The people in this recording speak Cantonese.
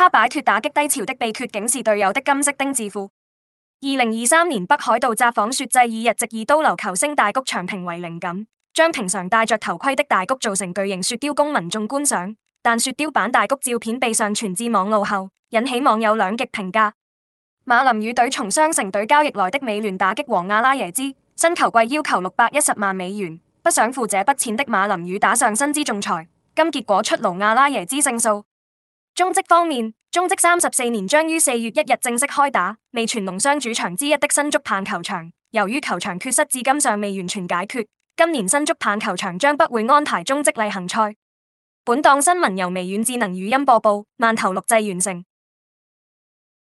他擺脫打擊低潮的秘訣，竟是隊友的金色丁字褲。二零二三年北海道札幌雪祭以日籍二刀流球星大谷翔平為靈感，將平常戴着頭盔的大谷做成巨型雪雕供民眾觀賞。但雪雕版大谷照片被上傳至網路後，引起網友兩極評價。馬林魚隊從雙城隊交易來的美聯打擊王亞拉耶茲，新球季要求六百一十萬美元，不想付這筆錢的馬林魚打上薪資仲裁。今結果出爐，亞拉耶茲勝訴。中職方面，中職三十四年將於四月一日正式開打。味全龍雙主場之一的新竹棒球場，由於球場缺失至今尚未完全解決，今年新竹棒球場將不會安排中職例行賽。本檔新聞由微軟智能語音播報，慢頭錄製完成。